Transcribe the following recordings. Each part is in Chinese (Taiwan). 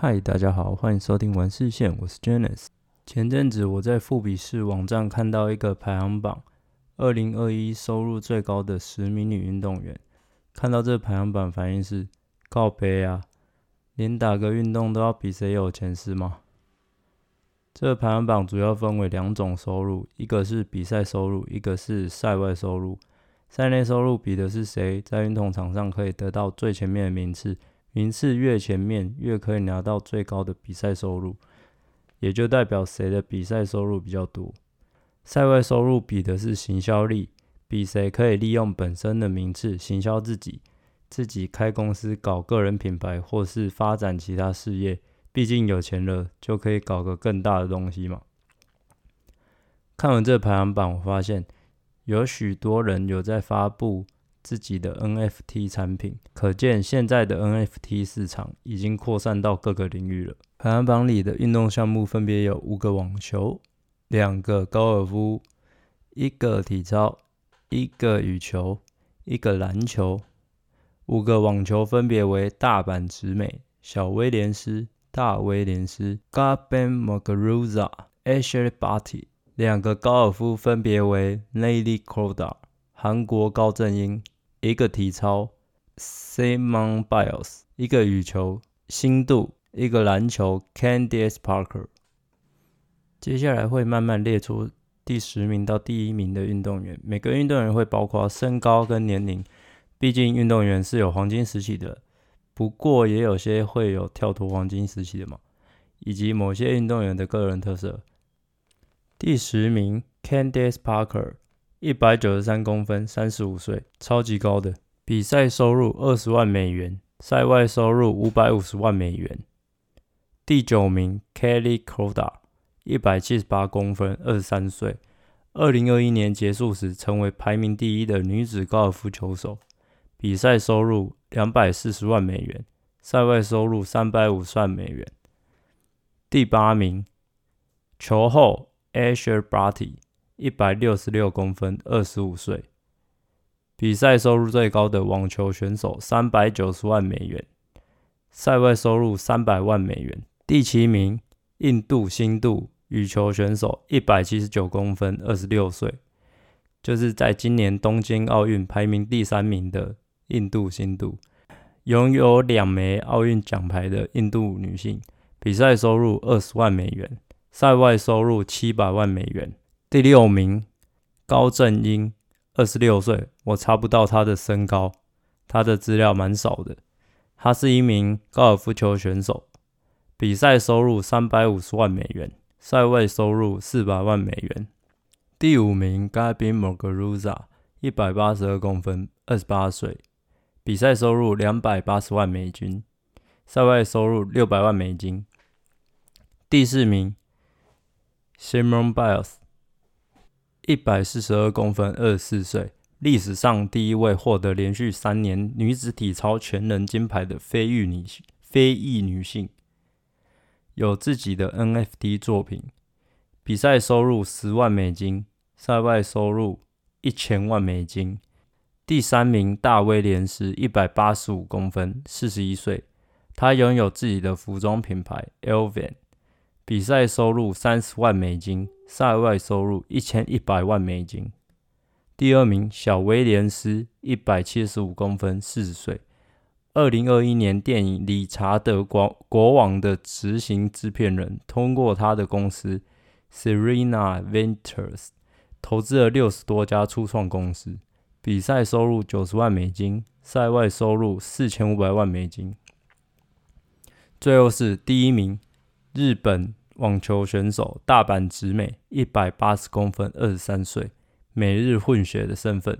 嗨，大家好，歡迎收聽頑視線，我是 Janice。前陣子我在富比士網站看到一個排行榜，二零二一收入最高的十名女運動員。看到這個排行榜，反應是告別啊，連打個運動都要比誰有錢是嗎？這個排行榜主要分為兩種收入，一個是比賽收入，一個是賽外收入。賽內收入比的是誰在運動場上可以得到最前面的名次。名次越前面，越可以拿到最高的比賽收入，也就代表誰的比賽收入比較多。賽外收入比的是行銷力，比誰可以利用本身的名次行銷自己，自己開公司、搞個人品牌或是發展其他事業。畢竟有錢了，就可以搞個更大的東西嘛。看完這排行榜，我發現有許多人有在發布。自己的 NFT 產品，可見現在的 NFT 市場已經擴散到各個領域了。排行榜裡的運動項目分別有五個網球，兩個高爾夫，一個體操，一個羽球，一個籃球。五個網球分別為大阪直美、小威廉斯、大威廉斯、Garbiñe Muguruza、Ashleigh Barty。兩個高爾夫分別為 Nelly Korda、韓國高正英。一個體操 Simone Biles，一個羽球，Sindhu；一個籃球 Candace Parker。接下來會慢慢列出第十名到第一名的運動員，每個運動員會包括身高跟年齡，畢竟運動員是有黃金時期的，不過也有些會有跳脫黃金時期的嘛，以及某些運動員的個人特色。第十名 Candace Parker。一百九十三公分，三十五歲，超級高的。比賽收入二十萬美元，賽外收入五百五十萬美元。第九名 Kelly Korda，一百七十八公分，二十三歲。二零二一年結束時，成為排名第一的女子高爾夫球手。比賽收入兩百四十萬美元，賽外收入三百五十萬美元。第八名球後 Ashleigh Barty 一百六十六公分，二十五歲，比賽收入最高的網球選手，三百九十萬美元；賽外收入三百萬美元。第七名，印度新度羽球選手，一百七十九公分，二十六歲，就是在今年東京奧運排名第三名的印度新度，擁有兩枚奧運獎牌的印度女性，比賽收入二十萬美元，賽外收入七百萬美元。第六名，高正英，二十六歲。我查不到他的身高，他的資料蠻少的。他是一名高爾夫球選手，比賽收入三百五十萬美元，賽外收入四百萬美元。第五名，Gabby Muguruza，一百八十二公分，二十八歲，比賽收入兩百八十萬美金，賽外收入六百萬美金。第四名，Simone Biles。一百四十二公分，二十四歲，歷史上第一位獲得連續三年女子體操全能金牌的非裔女性。非裔女性有自己的 NFT 作品，比賽收入十萬美金，賽外收入一千萬美金。第三名大威廉斯，一百八十五公分，四十一歲，她擁有自己的服裝品牌 Elven，比賽收入三十萬美金。賽外收入一千一百萬美金。第二名小威廉斯，一百七十五公分，四十歲。二零二一年電影《理查德國王》的執行制片人，通過他的公司 Serena Ventures 投資了六十多家初創公司。比賽收入九十萬美金，賽外收入四千五百萬美金。最後是第一名，日本。網球選手大坂直美，一百八十公分，二十三歲，美日混血的身份，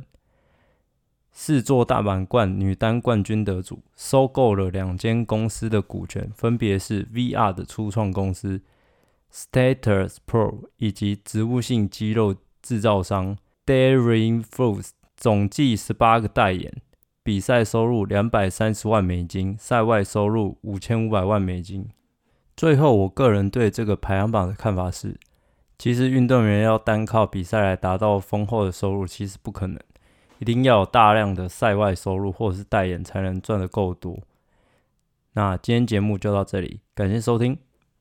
四座大滿貫女單冠軍得主，收購了兩間公司的股權，分別是 VR 的初創公司 Status Pro 以及植物性雞肉製造商 Daring Foods，總計十八個代言，比賽收入兩百三十萬美金，賽外收入五千五百萬美金。最後，我個人對這個排行榜的看法是，其實運動員要單靠比賽來達到豐厚的收入，其實不可能，一定要有大量的賽外收入或是代言，才能賺得夠多。那今天節目就到這裡，感謝收聽。